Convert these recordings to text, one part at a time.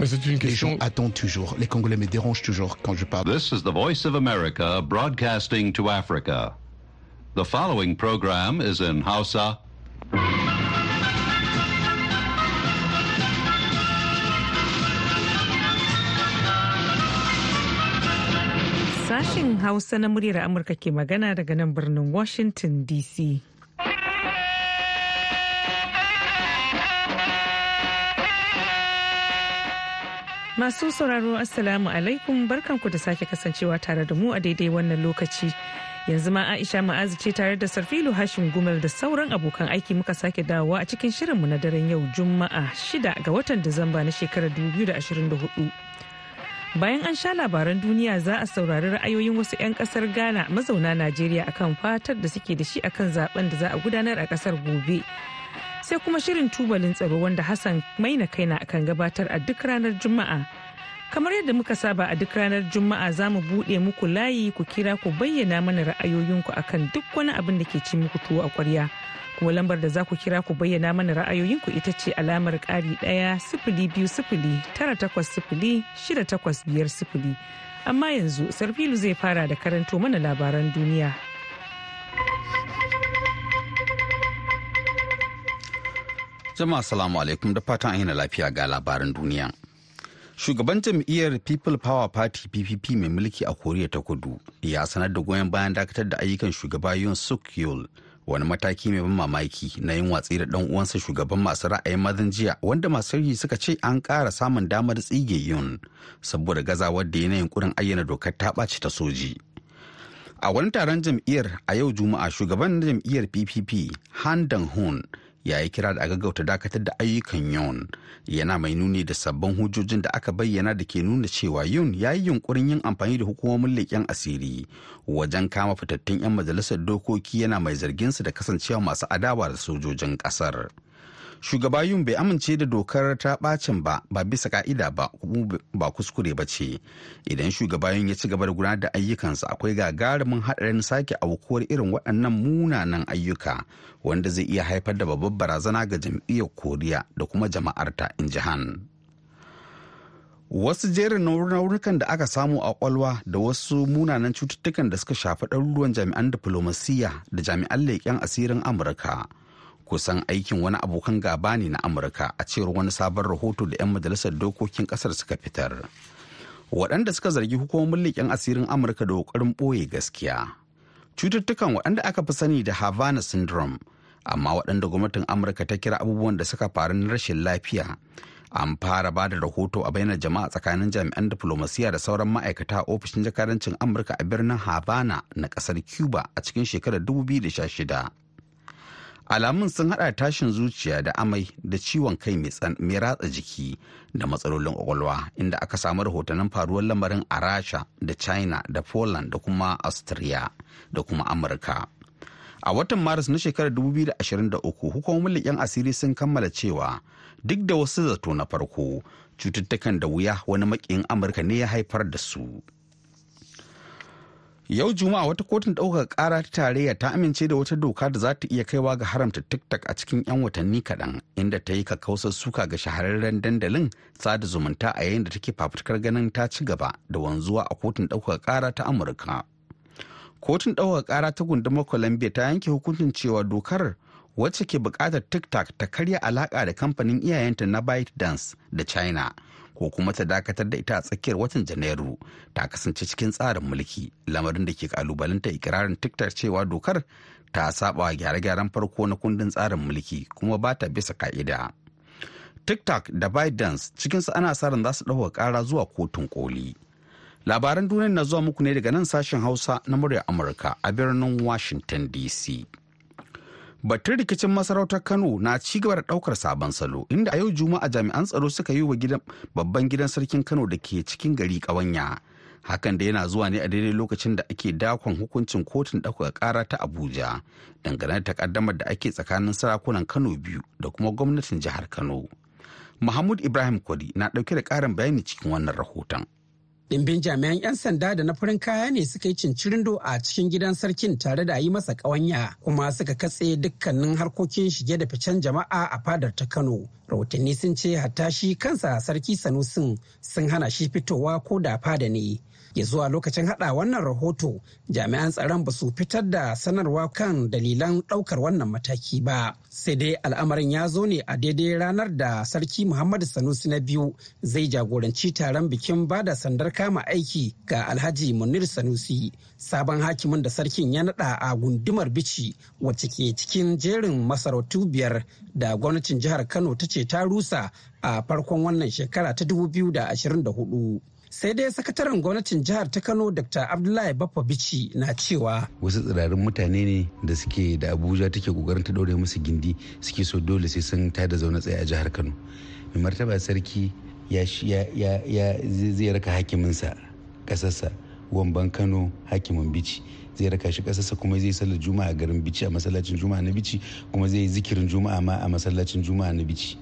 Mais c'est une question. Les gens attendent toujours. Les Congolais me dérangent toujours quand je parle. This is the voice of America broadcasting to Africa. The following program is in Hausa. Sashen Hausa na muryar Amurka ke magana daga nan birnin Washington DC. Masu sauraro Assalamu alaikum barkanku da sake kasancewa tare da mu a daidai wannan lokaci. Yanzu ma Aisha Ma'azu ce tare da Sarfilu Hashim Gumel da sauran abokan aiki muka sake dawowa a cikin shirinmu na daren yau Juma'a shida ga watan Disamba na shekarar da da hudu Bayan an sha labaran duniya za a saurari ra'ayoyin wasu 'yan kasar Ghana mazauna Najeriya akan fatar da suke da shi akan zaben da za a gudanar a kasar gobe sai kuma shirin tubalin tsaro wanda Hassan maina na akan gabatar a duk ranar Juma'a. Kamar yadda muka saba a duk ranar Juma'a za mu buɗe muku layi ku kira ku bayyana mana ra'ayoyinku akan duk wani abin da ke ci muku tuwo a kwarya Kuma lambar da za ku kira ku bayyana mana ra'ayoyinku ita ce alamar ƙari ɗaya sifili biyu sifili tara takwas sifili shida takwas biyar sifili. amma yanzu sarfilu zai fara da karanto mana labaran duniya. Jama'a salamu alaikum da fatan an lafiya ga labaran duniya. Shugaban jam'iyyar People Power Party PPP mai mulki a Koriya ta Kudu ya sanar da goyon bayan dakatar da ayyukan shugaba yun Suk yul wani mataki mai ban mamaki na yin watsi da dan uwansa shugaban masu ra'ayin mazan jiya wanda masu yi suka ce an kara samun damar tsige yun saboda gazawar da yanayin kurin ayyana dokar ta ɓaci ta soji a wani taron jam'iyyar a yau juma'a shugaban jam'iyyar ppp han dang hun ya yi kira da a gaggauta dakatar da ayyukan yun yana mai nuni da sabbin hujjojin da aka bayyana da ke nuna cewa yun ya yi yunkurin yin amfani da hukumomin leƙen asiri wajen kama fitattun 'yan majalisar dokoki yana mai zargin su da kasancewa masu adawa da sojojin ƙasar. shugaba yun bai amince da dokar ta bacin ba ba bisa ka'ida ba kuma ba kuskure ba ce idan shugaba yun ya ci gaba da gudanar da ayyukansa akwai gagarumin haɗarin sake aukuwar irin waɗannan munanan ayyuka wanda zai iya haifar da babbar barazana ga jam'iyyar koriya da kuma jama'arta in jihan wasu jerin naurukan da aka samu a kwalwa da wasu munanan cututtukan da suka shafi ɗaruruwan jami'an diflomasiyya da jami'an leƙen asirin amurka kusan aikin wani abokan gaba ne na amurka a cewar wani sabon rahoto da 'yan majalisar dokokin kasar suka fitar waɗanda suka zargi hukumomin leƙen asirin amurka da ƙoƙarin ɓoye gaskiya cututtukan waɗanda aka fi sani da havana syndrome amma waɗanda gwamnatin amurka ta kira abubuwan da suka faru na rashin lafiya an fara ba da rahoto a bayyana jama'a tsakanin jami'an diflomasiya da sauran ma'aikata a ofishin jakadancin amurka a birnin havana na ƙasar cuba a cikin shekarar 2016 alamun sun hada tashin zuciya da amai da ciwon kai mai ratsa jiki da matsalolin kwakwalwa inda aka samu rahotannin faruwar lamarin a rasha da china da poland da kuma austria da kuma amurka a watan maris na shekarar 2023 hukumomin leƙen asiri sun kammala cewa duk da wasu zato na farko cututtukan da wuya wani makiyin amurka ne ya haifar da su yau juma'a wata kotun ɗaukar ƙara ta tarayya ta amince da wata doka da za ta iya kaiwa ga haramta tiktok a cikin 'yan watanni kaɗan inda ta yi kakausar suka ga shahararren dandalin sada zumunta a yayin da take fafutukar ganin ta ci gaba da wanzuwa a kotun ɗaukar ƙara ta amurka kotun ɗaukar ƙara ta gundumar columbia ta yanke hukuncin cewa dokar wacce ke buƙatar tiktok ta karya alaƙa da kamfanin iyayenta na bytedance dance da china ko kuma ta dakatar da ita a tsakiyar watan janairu ta kasance cikin tsarin mulki lamarin da ke kalubalanta ikirarin tiktar cewa dokar ta saba gyare-gyaren farko na kundin tsarin mulki kuma ba ta bisa ka'ida tiktok da bidens cikinsu ana sa ran za su ɗauka ƙara zuwa kotun koli labaran duniya na zuwa muku ne daga nan sashen hausa na murya amurka a birnin washington dc Batun rikicin masarautar Kano na ci gaba da ɗaukar sabon salo inda a yau Juma'a jami'an tsaro suka yi wa gidan babban gidan sarkin Kano da ke cikin gari ƙawanya. Hakan da yana zuwa ne a daidai lokacin da ake dakon hukuncin kotun ɗaukaka ƙara ta Abuja dangane da takaddamar da ake tsakanin sarakunan Kano biyu da kuma gwamnatin jihar Kano. Mahmud Ibrahim Kwari na ɗauke da ƙarin bayani cikin wannan rahoton. Dimbin jami'an 'yan sanda da na farin kaya ne suka yi cincirindo a cikin gidan sarkin tare da yi masa ƙawanya kuma suka katse dukkanin harkokin shige da ficen jama'a a fadar ta Kano. Rahotanni sun ce hatta shi kansa sarki Sanusin sun hana shi fitowa ko da fada ne. ya zuwa lokacin hada wannan rahoto jami'an tsaron ba su fitar da sanarwa kan dalilan daukar wannan mataki ba sai dai al'amarin ya zo ne a daidai ranar da sarki muhammadu sanusi na biyu zai jagoranci taron bikin bada sandar kama aiki ga alhaji munir sanusi sabon hakimin da sarkin ya nada a gundumar bici wacce ke cikin jerin masarautu biyar da gwamnatin jihar kano ta ce ta rusa a farkon wannan shekara ta 2024 sai dai sakataren gwamnatin jihar ta kano dr abdullahi baffa bici na cewa wasu tsirarin mutane ne da suke da abuja take kokarin ta daure musu gindi suke so dole sai sun tada zaune tsaye a jihar kano mai martaba sarki ya zai raka hakiminsa kasarsa wamban kano hakimin bici zai raka shi kasarsa kuma zai sallar juma'a garin bici a masallacin juma'a na bici kuma zai yi zikirin juma'a ma a masallacin juma'a na bici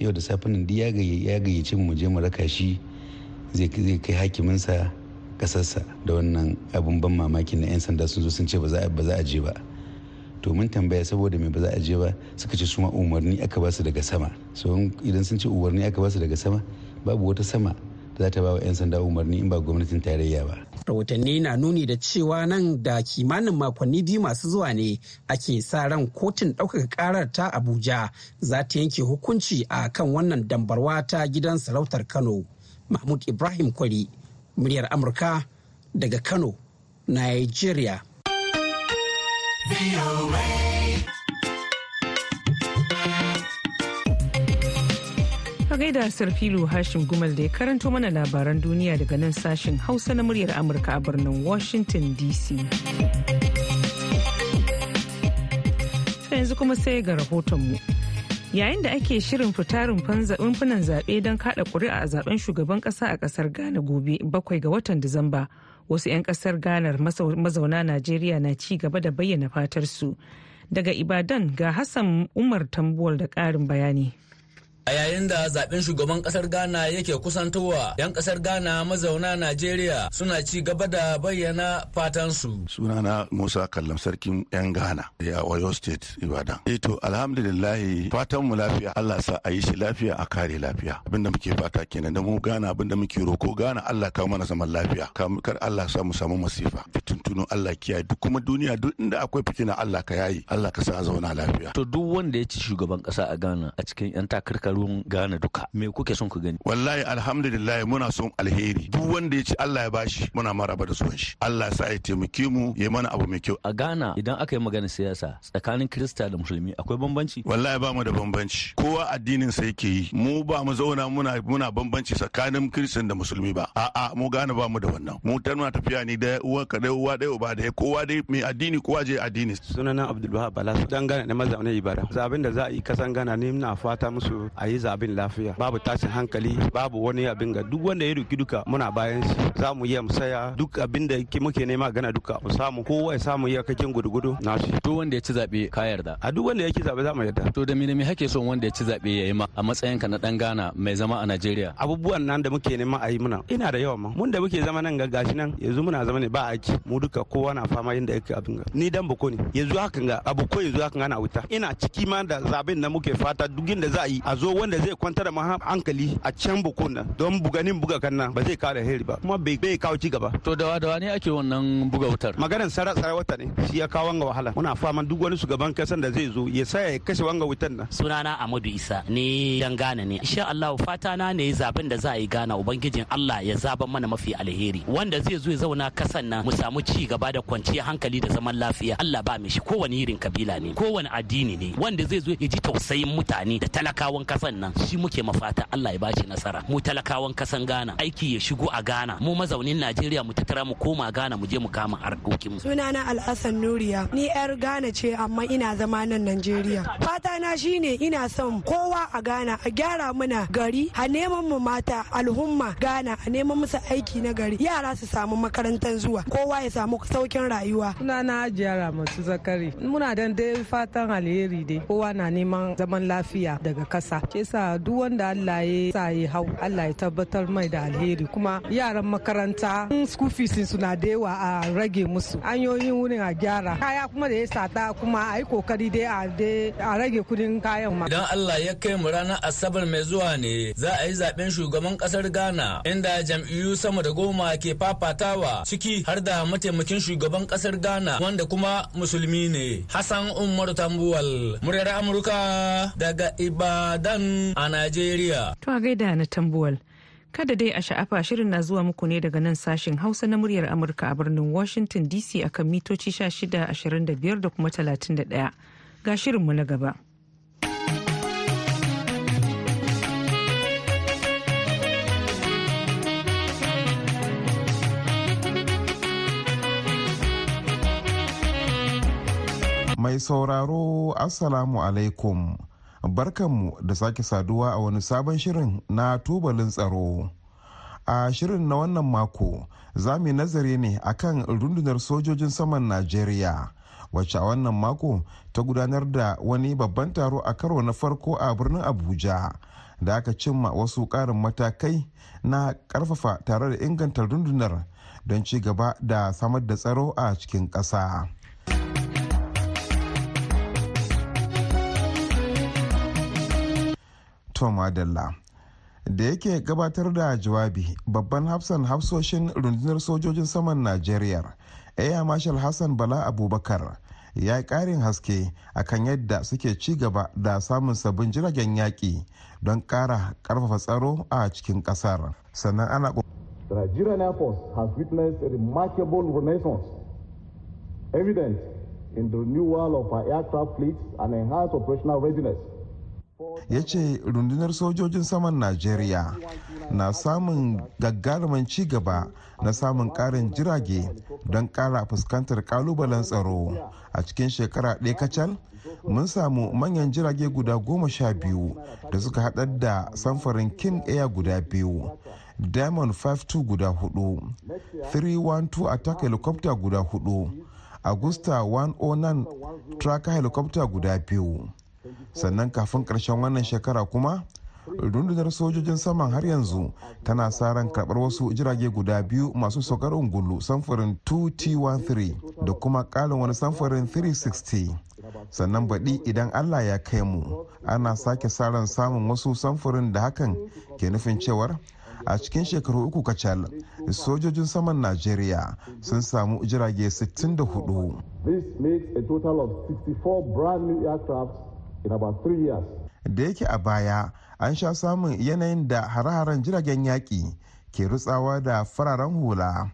yau da safin duk ya gayyace mu je mu raka shi zai kai hakiminsa kasarsa da wannan abun ban mamaki na 'yan sanda sun zo sun ce ba za a je ba to mun tambaya saboda mai ba za a je ba suka ce suma umarni aka ba su daga sama so idan sun ce umarni aka ba su daga sama babu wata sama da za ta ba wa 'yan sanda umarni in ba gwamnatin tarayya ba rahotanni na nuni da cewa nan da kimanin makonni biyu masu zuwa ne ake sa ran kotun ɗaukaka karar ta abuja za ta yanke hukunci a kan wannan dambarwa ta gidan sarautar kano mahmud ibrahim kwari muryar amurka daga kano nigeria gaida sarfilu hashim gumal da ya karanto mana labaran duniya daga nan sashen hausa na muryar amurka a birnin washington dc yanzu kuma sai ga rahotonmu yayin da ake shirin fita rumfunan zaɓe don kada ƙuri'a a zaben shugaban ƙasa a ƙasar ghana gobe bakwai ga watan disamba wasu 'yan ƙasar ghana mazauna najeriya na ci gaba da bayyana fatar su daga ibadan ga hassan umar tambuwal da ƙarin bayani a yayin da zaben shugaban kasar ghana yake kusantowa 'yan kasar ghana mazauna najeriya suna ci gaba da bayyana fatansu sunana musa kallam sarkin 'yan ghana a wayo state ibadan eto eh alhamdulillahi fatan mu lafiya allah sa a yi shi lafiya a kare lafiya abinda muke fata kenan da mu ghana abinda muke roko ghana allah kawo mana zaman lafiya kar allah sa mu samu masifa tunu allah kiyaye duk kuma duniya duk inda akwai fitina allah ka yayi allah ka sa zauna lafiya to duk wanda ya ci shugaban kasa a ghana a cikin 'yan takarkar tsaron gane duka. Me kuke son ku gani? Wallahi alhamdulillah muna son alheri. Duk wanda ya ci Allah ya bashi muna maraba da son shi. Allah sa ya taimake mu ya mana abu mai kyau. A Ghana idan aka yi magana siyasa tsakanin Kirista da Musulmi akwai bambanci? Wallahi ba mu da bambanci. Kowa addinin sa yake yi. Mu ba mu zauna muna muna bambanci tsakanin Kiristan da Musulmi ba. A'a mu Ghana ba mu da wannan. Mu ta muna tafiya ne da uwa ka da uwa da uba da kowa dai mai addini kowa je addini. Sunana Abdulwahab Bala dan Ghana da mazauna Ibadan. Zabin da za a yi kasan Ghana ne muna fata musu a yi zaben lafiya babu tashin hankali babu wani abin ga duk wanda ya duki duka muna bayan shi za mu yi musaya duk abin da muke nema gana duka mu samu kowa ya samu kakin gudugudu na shi to wanda ya ci zabe ka yarda a duk wanda ya ci zabe za mu yarda to da me me hake son wanda ya ci zabe ya yi ma a matsayin ka na dan Ghana mai zama a Najeriya abubuwan nan da muke nema a yi muna ina da yawa ma mun da muke zama nan ga gashi nan yanzu muna zama ne ba a ci. mu duka kowa na fama yanda yake abin ga ni dan bako ne yanzu haka ga abu ko yanzu hakan ana wuta ina ciki ma da zaben da muke fata duk inda za a yi a zo wanda zai kwantar da hankali a can bukuna don buganin buga kanna ba zai kawo alheri ba kuma bai kawo ci gaba to da dawa ne ake wannan buga wutar maganar sara sara wata ne shi ya kawo wanga wahala muna faman duk wani shugaban kasan da zai zo ya saya ya kashe wanga wutar nan sunana Amadu Isa ne dan gana ne insha Allah fata na ne zaben da za a yi gana ubangijin Allah ya zaban mana mafi alheri wanda zai zo ya zauna kasan nan mu samu ci gaba da kwanciyar hankali da zaman lafiya Allah ba mishi kowane irin kabila ne kowane addini ne wanda zai zo ya ji tausayin mutane da talakawan kasa kafan nan shi muke mafata Allah ya bashi nasara mu talakawan kasan Ghana aiki ya shigo a Ghana mu mazaunin Najeriya mu tattara mu koma Ghana mu je mu kama harkokin mu sunana Al-Hassan Nuriya ni yar Ghana ce amma ina zama nan Najeriya fata na shine ina son kowa a Ghana a gyara mana gari a neman mu mata al'umma Ghana a neman musu aiki na gari yara su samu makarantar zuwa kowa ya samu saukin rayuwa sunana Hajiya Ramatu Zakari muna dan dai fatan alheri dai kowa na neman zaman lafiya daga kasa Ke sa duk wanda Allah ya sa ya hau Allah ya tabbatar mai da alheri kuma yaran makaranta school fees suna da yawa a rage musu. Hanyoyin wurin a gyara. Kaya kuma da ya sata kuma a yi kokari dai a rage kudin kayan ma. Idan Allah ya kai mu ranar Asabar mai zuwa ne za a yi zaben shugaban kasar Ghana inda jam'iyyu sama da goma ke fafatawa ciki har da mataimakin shugaban kasar Ghana wanda kuma musulmi ne. Hassan Umar Tambuwal, muryar Amurka daga Ibadan nan a Najeriya. To a gaida na tambuwal. Kada dai a sha'afa shirin na zuwa muku ne daga nan sashin Hausa na muryar Amurka a birnin Washington DC akan mitoci ashirin da kuma 31. Ga mu na gaba. Mai sauraro Assalamu alaikum. barkanmu da sake saduwa a wani sabon shirin na tubalin tsaro a shirin na wannan mako za mu nazari ne akan rundunar sojojin saman najeriya wacce a wannan mako ta gudanar da wani babban taro a karo na farko a birnin abuja da aka cimma wasu ƙarin matakai na ƙarfafa tare da inganta rundunar don ci gaba da samar da tsaro a cikin ƙasa. tomadalla da yake gabatar da jawabi babban hafsan hafsoshin rundunar sojojin saman najeriya air marshal hassan bala abubakar ya yi karin haske akan yadda suke ci gaba da samun sabbin jiragen yaƙi don ƙara ƙarfafa tsaro a cikin ƙasar sannan ana Nigerian Air Force has witnessed a remarkable renaissance evident in the renewal of our aircraft fleet and enhanced operational readiness. ya ce rundunar sojojin saman najeriya na samun gagarumin ci gaba na samun karin jirage don kara fuskantar kalubalen tsaro a cikin shekara ɗaya kacal mun samu manyan jirage guda goma sha biyu da suka haɗar da samfarin king air guda biyu diamond 52 guda hudu 312 attack helicopter guda hudu agusta 109 tracker helicopter guda biyu sannan kafin ƙarshen wannan shekara kuma rundunar sojojin saman har yanzu tana sa ran karɓar wasu jirage guda biyu masu saukar ungulu samfurin 2t13 da kuma ƙalin wani samfurin 360 sannan baɗi idan allah ya kai mu ana sake sa ran samun wasu samfurin da hakan ke nufin cewar a cikin shekaru uku kacal sojojin saman najeriya sun samu jirage 64 Da yake a baya an sha samun yanayin da hare-haren jiragen yaƙi ke rutsawa da fararen hula.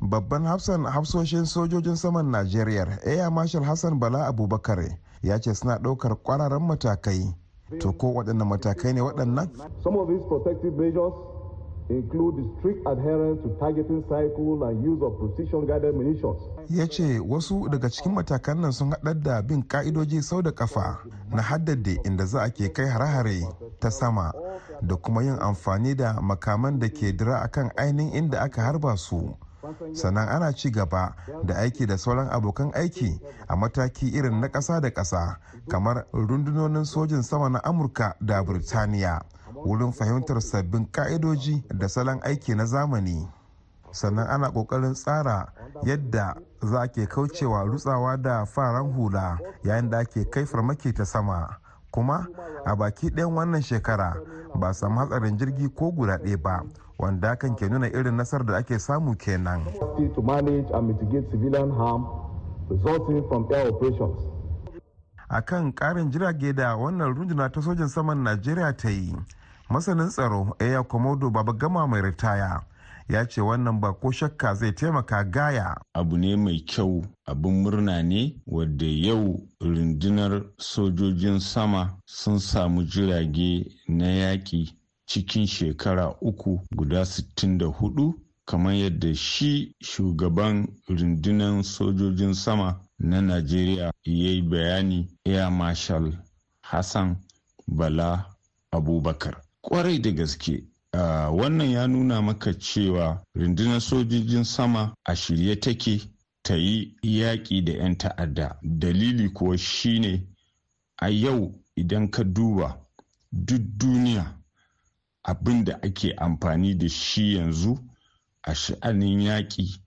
Babban hafsan hafsoshin sojojin saman Najeriya Air Marshal Hassan Bala Abubakar ya ce suna ɗaukar kwararan matakai. To ko waɗannan matakai ne waɗannan? include strict adherence to targeting cycle and use of precision guided munitions. Ya ce wasu daga cikin matakan nan sun haɗar da bin ka'idoji sau da kafa na haddade inda za a ke kai hare-hare ta sama da kuma yin amfani da makaman da ke dira akan ainihin inda aka harba su. sannan ana ci gaba da aiki da sauran abokan aiki a mataki irin na ƙasa da ƙasa kamar rundunonin sojin sama na amurka da birtaniya wurin fahimtar sabbin ka'idoji da salon aiki na zamani sannan ana kokarin tsara yadda za ke kaucewa rutsawa da faran hula yayin da ake kai farmaki ta sama kuma a baki ɗayan wannan shekara ba samu hatsarin jirgi ko guda ɗaya ba wanda kan ke nuna irin nasar da ake samu kenan a kan ƙarin jirage da wannan runduna ta sojin saman najeriya ta yi masanin tsaro ya komodo baba gama mai ritaya ya ce wannan ba ko shakka zai taimaka gaya. Abu ne mai kyau abin murna ne wadda yau rundunar sojojin sama sun samu jirage na yaƙi cikin shekara uku guda 64 kamar yadda shi shugaban rundunar sojojin sama na Najeriya ya yi bayani Air Marshal Hassan Bala Abubakar. kwarai da gaske wannan ya nuna maka cewa rundunar sojojin sama a shirye take ta yi yaƙi da 'yan ta'adda dalili kuwa shine a yau idan ka duba duk duniya abin da ake amfani da shi yanzu a sha'anin yaƙi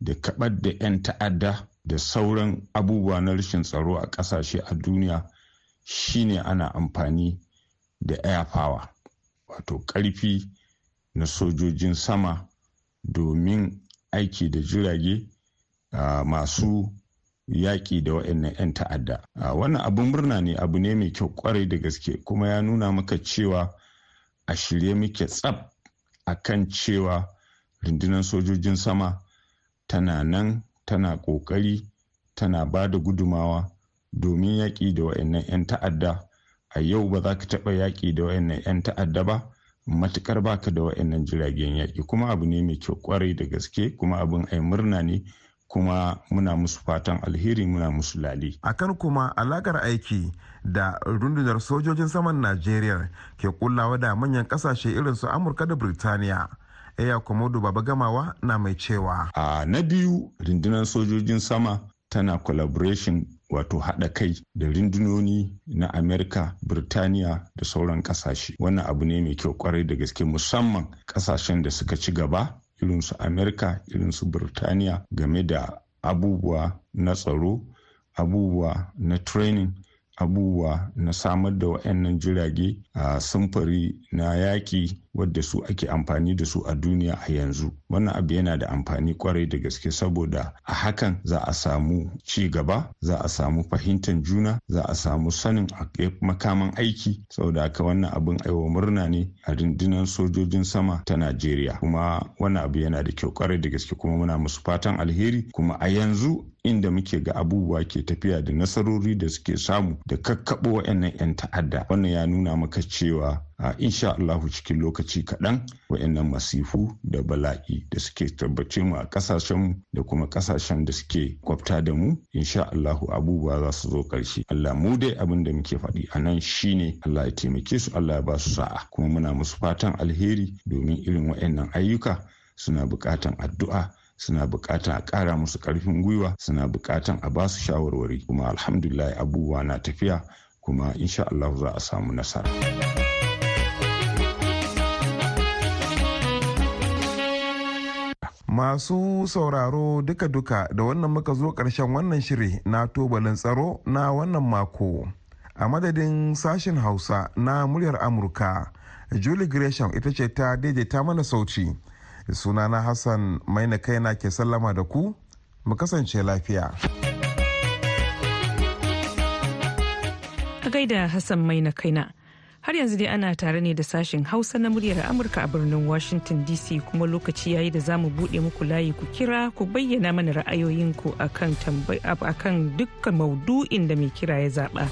da kaɓar da 'yan ta'adda da sauran abubuwa na rashin tsaro a ƙasashe a duniya shine ana amfani da air power wato ƙarfi na sojojin sama domin aiki da jirage masu yaƙi da waɗannan 'yan ta'adda. Wannan abin murna ne abu ne mai kyau kwarai da gaske kuma ya nuna maka cewa a shirye muke tsab a kan cewa rundunar sojojin sama tana nan tana ƙoƙari tana ba da gudumawa domin yaƙi da waɗannan 'yan ta'adda a yau ba za ka taɓa yaƙi da wayannan 'yan ta'adda ba matukar baka da wayannan jiragen yaƙi kuma abu ne mai kyau kwarai da gaske kuma abin ai murna ne kuma muna musu fatan alheri muna musu lale. Akan kuma alakar aiki da rundunar sojojin saman Najeriya ke kullawa da manyan kasashe irin su Amurka da Birtaniya. Eya Komodo Baba Gamawa na mai cewa. A na biyu rundunar sojojin sama tana collaboration wato haɗa kai da rindunoni na amerika birtaniya da sauran ƙasashe wannan abu ne mai kyau kwarai da gaske musamman ƙasashen da suka ci gaba irinsu amerika irinsu birtaniya game da abubuwa na tsaro abubuwa na training abubuwa na samar da wa'annan jirage a samfari na yaƙi wadda su ake amfani da su a duniya a yanzu wannan abu yana da amfani kwarai da gaske saboda a hakan za a samu ci gaba za a samu fahimtar juna za a samu sanin makaman aiki saboda haka wannan abin aiwa murna ne a rundunar sojojin sama ta najeriya kuma wannan abu yana da kyau kwarai da gaske kuma muna musu fatan alheri kuma a yanzu inda muke ga abubuwa ke tafiya da nasarori da suke samu da kakkaɓo wa'annan 'yan ta'adda wannan ya nuna maka cewa a insha Allahu cikin lokaci kaɗan wa'annan masifu da bala'i da suke tabbace mu a ƙasashenmu da kuma ƙasashen da suke kwafta da mu insha Allahu abubuwa za su zo ƙarshe Allah mu dai abin da muke faɗi a nan shine Allah ya taimake su Allah ya ba su sa'a kuma muna musu fatan alheri domin irin wa'annan ayyuka suna buƙatan addu'a suna bukatan a ƙara musu ƙarfin gwiwa suna bukatan a ba su shawarwari kuma alhamdulillah abubuwa na tafiya kuma insha Allah za a samu nasara. Masu sauraro duka-duka da wannan muka zo ƙarshen wannan shiri na tubalin tsaro na wannan mako. A madadin sashen Hausa na muryar Amurka, Julie Gresham ita ce ta daidaita mana sauci. Sunana Hassan maina kaina ke sallama da ku, mu kasance lafiya. Gaida Hassan maina kaina. har yanzu dai ana tare ne da sashen hausa na muryar amurka a birnin washington dc kuma lokaci yayi da za mu buɗe muku layi ku kira ku bayyana mana ra'ayoyinku akan dukkan maudu'in da mai kira ya zaba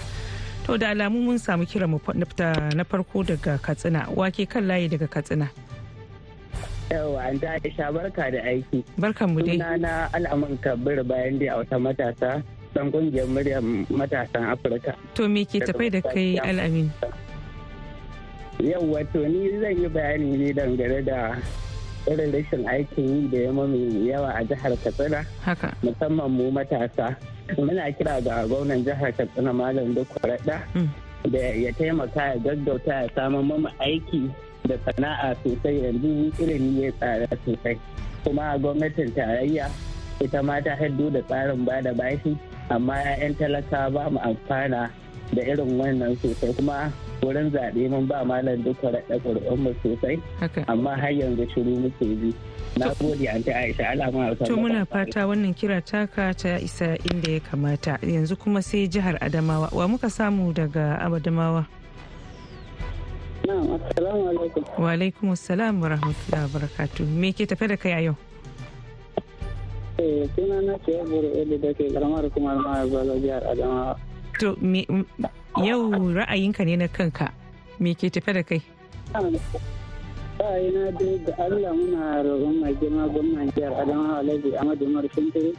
to da alamu mun samu kira na farko daga katsina wake kan layi daga katsina yawa an ta aisha barka da aiki barkan mu dai na al'amun kabir bayan da a wata matasa dan kungiyar muryar matasan afirka to me ke tafai da kai al'amin Yau wato ni zan yi bayani ne dangane da irin rashin aikin yi da ya mami yawa a jihar Katsina. Musamman mu matasa. Muna kira ga gwamnan jihar Katsina Malam raɗa. Mm. Da ya taimaka ya gaggauta ya samun mamu aiki da sana'a sosai yanzu irin ya tsara sosai. Kuma gwamnatin tarayya ita ma ta haddo da tsarin ba da bashi amma 'ya'yan talaka ba mu amfana da irin wannan sosai kuma wurin zaɓe mun ba malam duk raɗa mu sosai amma har yanzu shiru muke bi na gode an ta aisha alama to muna fata wannan kira taka ta isa inda ya kamata yanzu kuma sai jihar adamawa wa muka samu daga adamawa wa alaikum assalam wa rahmatullahi wa barakatu me ke tafe da kai a yau eh suna na ce ya buru da ke karamar kuma ma jihar adamawa To, yau ra'ayinka ne na kanka, me ke tafe da kai? ra'ayina dai da Allah muna roƙon mai girma gwamnan jihar Adamawa Alhaji Ahmadu Umar Shintiri.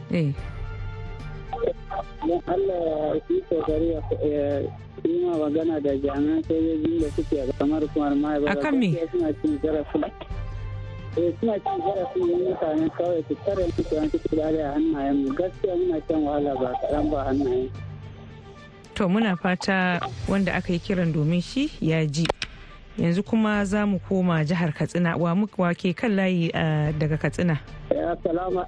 Don Allah ya yi kokari ya yi ma magana da jami'an sojojin da suke a kamar kumar mai ba. Akan me? Suna cin zarafi. Eh suna cin zarafi ne mutanen kawai su tare musu yanzu su da hannayen mu gaskiya muna can wahala ba kaɗan ba hannayen. to muna fata wanda aka yi kiran domin shi ya ji yanzu kuma za mu koma jihar katsina wa muka ke kan layi daga katsina eh, assalamu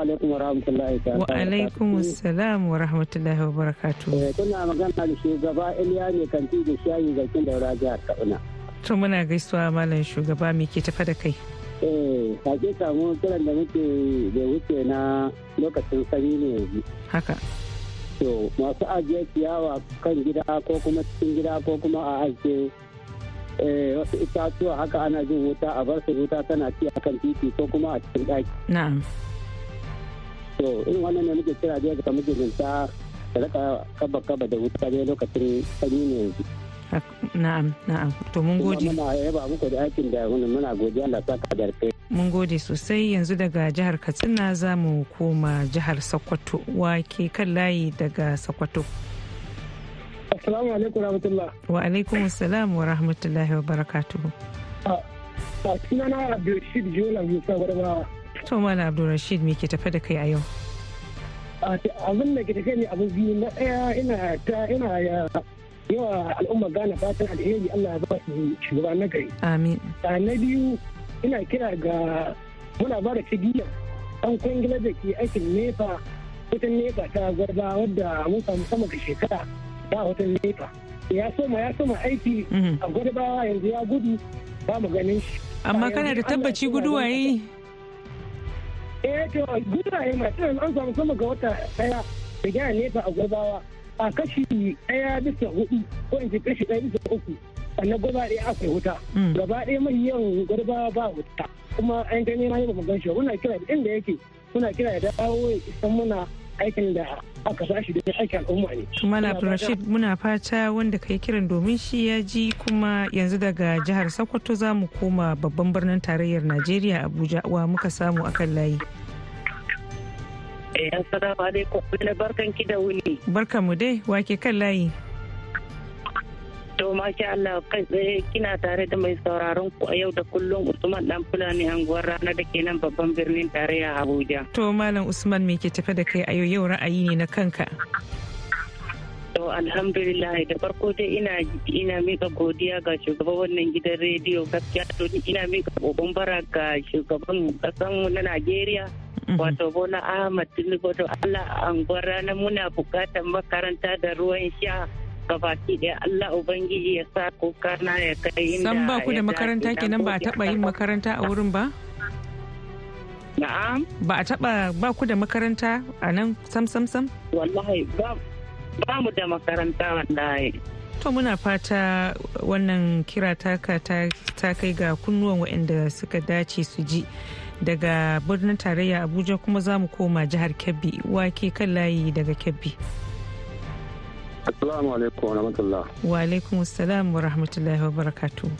alaikum wa rahmatullahi wa alaikum assalam wa rahmatullahi wa barakatu eh, kuna magana da shugaba iliya ne kanti da shayi kin daura jihar katsina to muna gaisuwa malam shugaba me ke tafa da kai eh hakika mu kiran da muke da wuce na lokacin sanyi ne haka to masu ajiye ciyawa kan gida ko kuma cikin gida ko kuma a ajiye eh, wasu itatuwa haka ana jin wuta a bar su wuta tana ci a kan titi ko kuma a cikin ɗaki. Na'am. To irin wannan ne muke kira dai ga mijinta da raka kaba kaba da wuta dai lokacin sanyi ne yanzu. Na'am na'am to mun gode. Muna yaba muku da aikin da muna godiya Allah saka da alkai. mun gode sosai yanzu daga jihar katsina za mu koma jihar sokoto wake kan layi daga sokoto assalamu alaikum rahmatullah wa alaikum assalam wa rahmatullahi wa barakatuhu a ah, ah, na abdulrashid jola musa gwarba to mala abdulrashid me ke tafe da kai a yau ah, abin da ke tafe ne abin biyu na ɗaya ina ta ina yawa al'umma gane fatan alheri allah ya ba su shugaba na gari amin na biyu ina kira ga muna ba da fidiyar an kwangilar da ke aikin nefa wutan nefa ta gwarba wadda mun samu sama ga shekara ta wutan nefa ya soma ya soma aiki mhm. a gwarba yanzu ya gudu ba mu ganin shi amma kana da tabbaci guduwa yi eh to guduwa yi masu an samu sama ga wata daya da gyara nefa a gwarbawa a kashi daya bisa hudu ko in ce kashi daya bisa uku sannan gaba ɗaya akwai wuta hmm. gaba ɗaya mai manyan gwarba ba wuta kuma an gani ma yi ba gan shi muna kira da inda yake muna kira da dawo isan muna aikin da aka shi da aikin al'umma ne. na muna fata wanda kai kiran domin shi ya ji kuma yanzu daga jihar Sokoto za mu koma babban birnin tarayyar Najeriya Abuja wa muka samu akan layi. Eh, assalamu alaikum, barkan ki da wuni. Barkan mu dai, ke kan layi. To masha Allah kai tsaye kina tare da mai sauraron ku a yau da kullum Usman dan Fulani anguwar rana da ke nan babban birnin tarayya Abuja. To Malam Usman me ke tafe da kai a yau yau ra'ayi ne na kanka. To alhamdulillah da farko dai ina ina mika godiya ga shugaban wannan gidan rediyo gaskiya to ina mika kokon bara ga shugaban kasan na Najeriya mhm. wato Bola Ahmad Tinubu to Allah an gwara muna bukatar makaranta da ruwan sha gabaki ɗaya Allah Ubangiji ya sa kokana ya kai inda San ba ku da makaranta kenan ba a taɓa yin makaranta a wurin ba? Na'am. Ba a taɓa ba ku da makaranta a nan sam sam sam? Wallahi ba mu da makaranta wallahi. To muna fata wannan kira taka ta kai ga kunnuwan waɗanda suka dace su ji daga birnin tarayya Abuja kuma za mu koma jihar Kebbi wake kan layi daga Kebbi. Assalamu alaikum wa rahmatullah. Wa alaikum assalam wa rahmatullahi wa barakatu.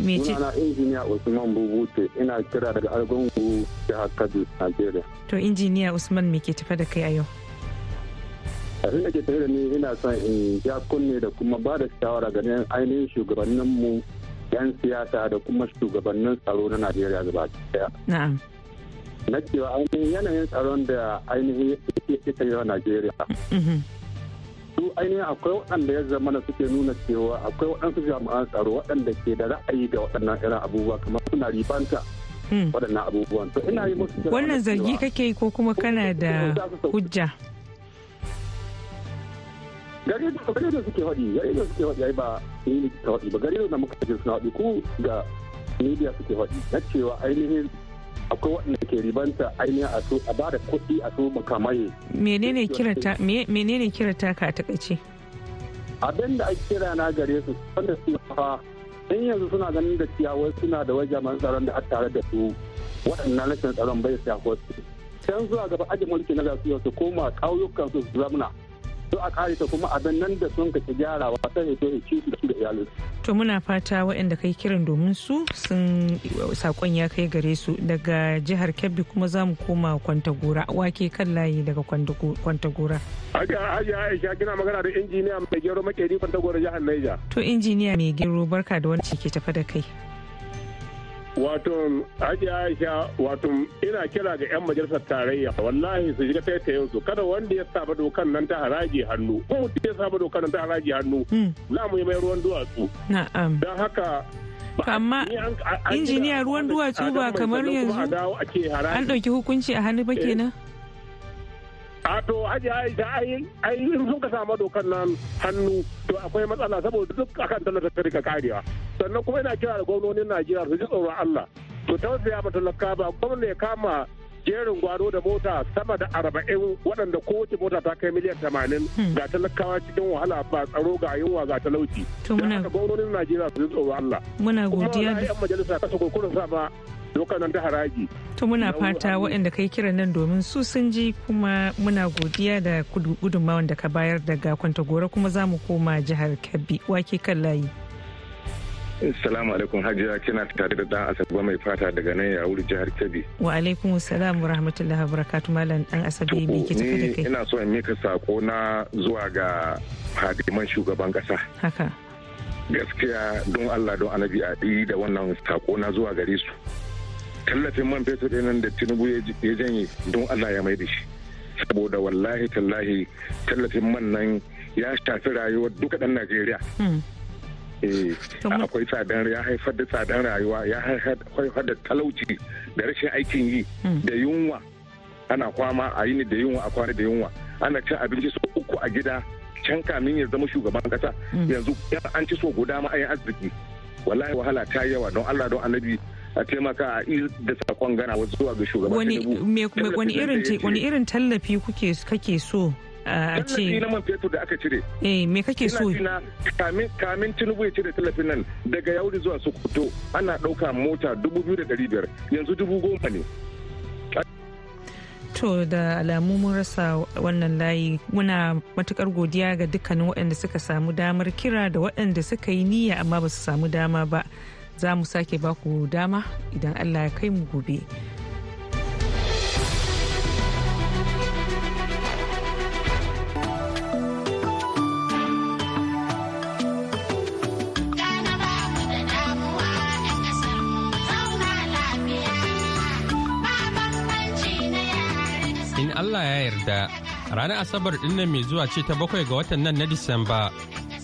Mece? Sunana injiniya Usman Bubute ina kira daga Argungu jihar Kaduna, nigeria. To injiniya Usman me ke tafa da kai a yau? abin da ke tafi da ni ina son in ja kunne da kuma ba da shawara ga ainihin shugabanninmu 'yan siyasa da kuma shugabannin tsaro na Najeriya gaba ɗaya. Na'am. Na cewa ainihin yanayin tsaron da ainihin yake tsaye a Najeriya. Mm-hmm. su ainihin akwai waɗanda ya zama zamana suke nuna cewa akwai waɗansu jami'an tsaro waɗanda ke da ra'ayi da waɗannan irin abubuwa kamar suna ribanta hmm. waɗannan abubuwan to ina yi musu wannan zargi kake yi ko kuma kana da hujja gari da suke haɗi gare da suke haɗi ai ba ni ne ta haɗi ba gare da muka je suna haɗi ko ga media suke haɗi na cewa ainihin akwai waɗanda ke ribanta ainihin a so a bada kuɗi a so makamai. Menene kira menene kira ta ka Abin da ake kira na gare su wanda su fa in yanzu suna ganin da ciyawar suna da wajen man tsaron da a tare da su waɗannan rashin tsaron bai shafar su. Can zuwa gaba ajin mulki na gasu su koma kauyukan su zamna to a kare ta kuma abin nan da sun kaci gyarawa ta ya ci su da su da iyalin to muna fata waɗanda kai kiran domin su sun sakon ya kai gare su daga jihar Kebbi kuma za mu koma Kwantagora wake kan layi daga Kwantagora Hajiya Aisha kina magana da injiniya mai gero makeri Kwantagora jihar Niger to injiniya mai gero barka da wani ke tafa da kai wato aji aisha wato ina kira ga 'yan majalisar tarayya wallahi su shiga taitayen su kada wanda ya saba dokan nan ta haraji hannu ko mutum ya saba dokan nan ta haraji hannu hmm. za mu yi mai ruwan duwatsu na'am don haka amma injiniya ruwan duwatsu ba kamar yanzu an ɗauki hukunci a hannu ba eh. kenan a to aji aisha ai sun ka samu dokar nan hannu to akwai matsala saboda duk akan talata ta rika karewa sannan kuma ina kira da gwamnonin najeriya su ji tsoron allah to tausaya ma talaka ba gwamna ya kama jerin gwado da mota sama da arba'in waɗanda kowace mota ta kai miliyan tamanin hmm. ga talakawa cikin wahala ba tsaro ga yunwa ga talauci. To muna gwamnonin Najeriya su ji tsoron Allah. Muna godiya da. Kuma yan majalisa kasa kurkurin ba nan ta haraji. To muna fata waɗanda kai kiran nan domin su sun ji kuma muna godiya da gudunmawan da ka bayar daga kwanta gora kuma za mu koma jihar Kebbi wake kan layi. Assalamu alaikum hajiya kina tare da dan asabe mai fata daga nan ya wuri jihar Kebbi. Wa alaikum salam wa rahmatullahi wa barakatuh malam dan asabe me ke tafi da kai? Ina so in mika sako na zuwa ga hadiman shugaban kasa. Haka. gaskiya don Allah don anabi a da wannan sako na zuwa gare su tallafin man fetur ɗin da tinubu ya janye don allah ya mai da shi saboda wallahi tallahi tallafin man nan ya shafi rayuwar duka ɗan najeriya hmm. eh, akwai tsadar ya haifar da tsadar rayuwa ya haifar da talauci da rashin aikin yi hmm. da yunwa ana kwama a yini da yunwa a kwana da yunwa ana cin abinci so uku a gida can kamin ya zama shugaban kasa hmm. yanzu an ci so guda ma arziki wallahi wahala ta yawa don allah don annabi a taimaka a da sakon gana wasu zuwa ga shugaban wani irin tallafi kuke kake so uh, a ce na man fetur da aka cire eh me kake so kamin kamin tinubu ya cire tallafin nan daga yauri zuwa sokoto ana ɗauka mota dubu biyu da biyar yanzu dubu goma ne to da alamu mun rasa wannan layi muna matukar godiya ga dukkanin waɗanda suka samu damar kira da waɗanda suka yi niyya amma ba su samu dama ba za mu sake baku dama idan allah ya kai mu gobe in allah ya yarda ranar asabar dinnan mai zuwa ce ta bakwai ga watan nan na disamba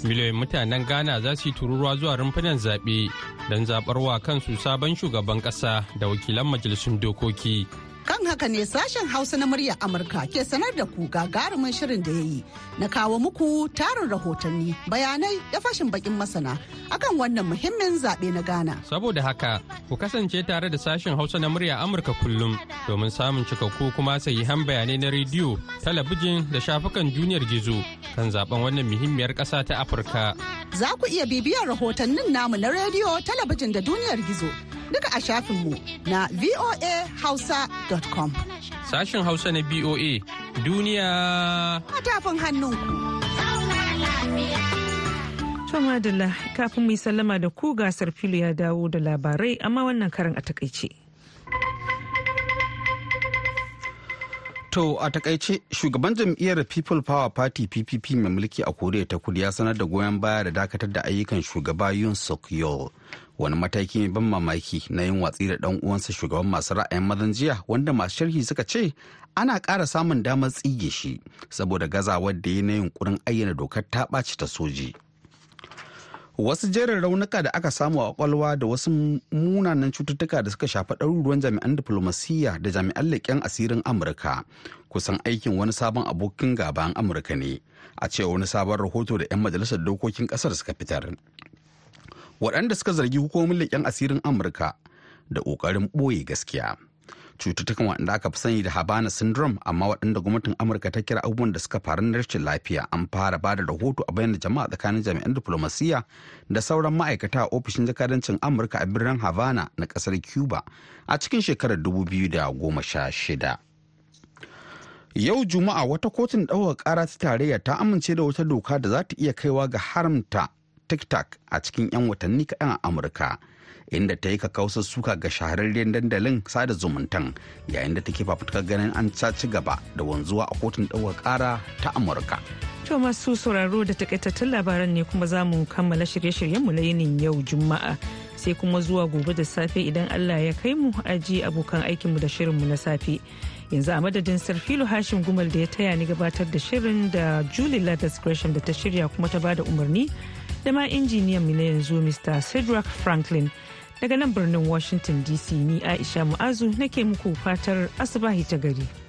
miliyoyin mutanen ghana za su yi tururuwa zuwa rumfunan zaɓe don zaɓarwa kan kansu sabon shugaban ƙasa da wakilan majalisun dokoki Kan haka ne sashen Hausa na murya Amurka ke sanar da ku gagarumin shirin da ya yi na kawo muku tarin rahotanni bayanai da fashin bakin masana akan wannan muhimmin zaɓe na Ghana. Saboda haka ku kasance tare da sashen Hausa na murya Amurka kullum domin samun cikakku kuma han bayanai na rediyo, talabijin da shafukan duniyar gizo kan zaben wannan muhimmiyar ƙasa ta Afirka. Za ku iya bibiyar rahotannin namu na rediyo, talabijin da duniyar gizo duka a shafinmu na voa voahausa.com. hausa.com. Sashen Hausa na BOA duniya a tafin hannunku. To kafin mu yi sallama da ku gasar filo ya dawo da labarai amma wannan karin a takaice. To a takaice shugaban jam'iyyar People Power Party PPP mai mulki a Koriya ta Kudu ya sanar da goyon baya da dakatar da ayyukan shugaba Yun Suk yol Wani mataki mai ban mamaki na yin watsi da dan uwansa shugaban masu ra'ayin mazan jiya wanda masu sharhi suka ce ana ƙara samun damar tsige shi saboda gazawar da ya na yunkurin ayyana dokar ta ɓaci ta soji. wasu jerin raunuka da aka samu a kwalwa da wasu munanan cututtuka da suka shafi ɗaruruwan jami'an diflomasiyya da jami'an leƙen asirin amurka kusan aikin wani sabon abokin gaban amurka ne a cewa wani sabon rahoto da 'yan majalisar dokokin ƙasar suka fitar waɗanda suka zargi hukumomin leƙen asirin amurka da ƙoƙarin ɓoye gaskiya cututtukan waɗanda aka fi sani da habana syndrome amma waɗanda gwamnatin amurka ta kira abubuwan da suka faru na rashin lafiya an fara bada rahoto a bayan jama'a tsakanin jami'an diplomasiya da sauran ma'aikata a ofishin jakadancin amurka a birnin havana na ƙasar cuba a cikin shekarar dubu biyu da goma sha shida. yau juma'a wata kotun ɗaukar ƙara ta tarayya ta amince da wata doka da za ta iya kaiwa ga haramta tiktok a cikin 'yan watanni kaɗan a amurka inda ta yi kakausar suka ga shahararren dandalin sada zumuntan yayin da take fafutukar ganin an ci gaba da wanzuwa a kotun ɗaukar kara ta amurka to masu sauraro da takaitattun labaran ne kuma za mu kammala shirye shiryen mu yinin yau juma'a sai kuma zuwa gobe da safe idan allah ya kai mu aji abokan aikinmu da shirinmu na safe yanzu a madadin sarfilo hashim gumal da ya taya ni gabatar da shirin da julie ladas gresham da ta shirya kuma ta bada umarni da ma injiniyan mu na yanzu mr cedric franklin daga nan birnin washington dc ni aisha mu'azu nake muku fatar asuba ta gari.